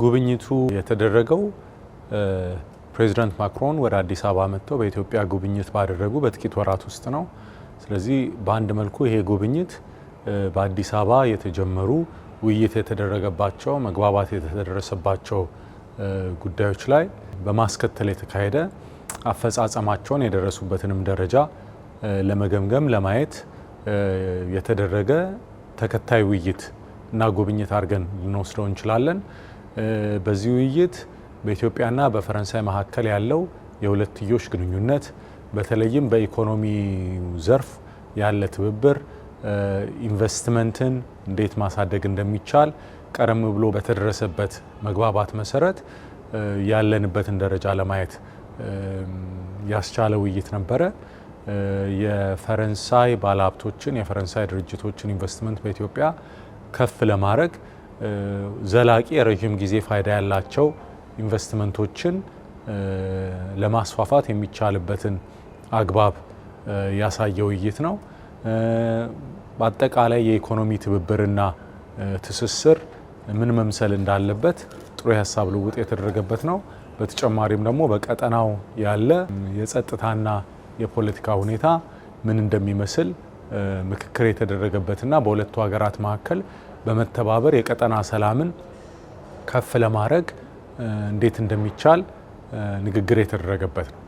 ጉብኝቱ የተደረገው ፕሬዚዳንት ማክሮን ወደ አዲስ አበባ መጥተው በኢትዮጵያ ጉብኝት ባደረጉ በጥቂት ወራት ውስጥ ነው። ስለዚህ በአንድ መልኩ ይሄ ጉብኝት በአዲስ አበባ የተጀመሩ ውይይት የተደረገባቸው መግባባት የተደረሰባቸው ጉዳዮች ላይ በማስከተል የተካሄደ አፈጻጸማቸውን የደረሱበትንም ደረጃ ለመገምገም ለማየት የተደረገ ተከታይ ውይይት እና ጉብኝት አድርገን ልንወስደው እንችላለን። በዚህ ውይይት በኢትዮጵያና በፈረንሳይ መካከል ያለው የሁለትዮሽ ግንኙነት በተለይም በኢኮኖሚ ዘርፍ ያለ ትብብር፣ ኢንቨስትመንትን እንዴት ማሳደግ እንደሚቻል ቀደም ብሎ በተደረሰበት መግባባት መሰረት ያለንበትን ደረጃ ለማየት ያስቻለ ውይይት ነበረ። የፈረንሳይ ባለሀብቶችን፣ የፈረንሳይ ድርጅቶችን ኢንቨስትመንት በኢትዮጵያ ከፍ ለማድረግ ዘላቂ የረዥም ጊዜ ፋይዳ ያላቸው ኢንቨስትመንቶችን ለማስፋፋት የሚቻልበትን አግባብ ያሳየ ውይይት ነው። በአጠቃላይ የኢኮኖሚ ትብብርና ትስስር ምን መምሰል እንዳለበት ጥሩ የሀሳብ ልውውጥ የተደረገበት ነው። በተጨማሪም ደግሞ በቀጠናው ያለ የጸጥታና የፖለቲካ ሁኔታ ምን እንደሚመስል ምክክር የተደረገበትና በሁለቱ ሀገራት መካከል በመተባበር የቀጠና ሰላምን ከፍ ለማድረግ እንዴት እንደሚቻል ንግግር የተደረገበት ነው።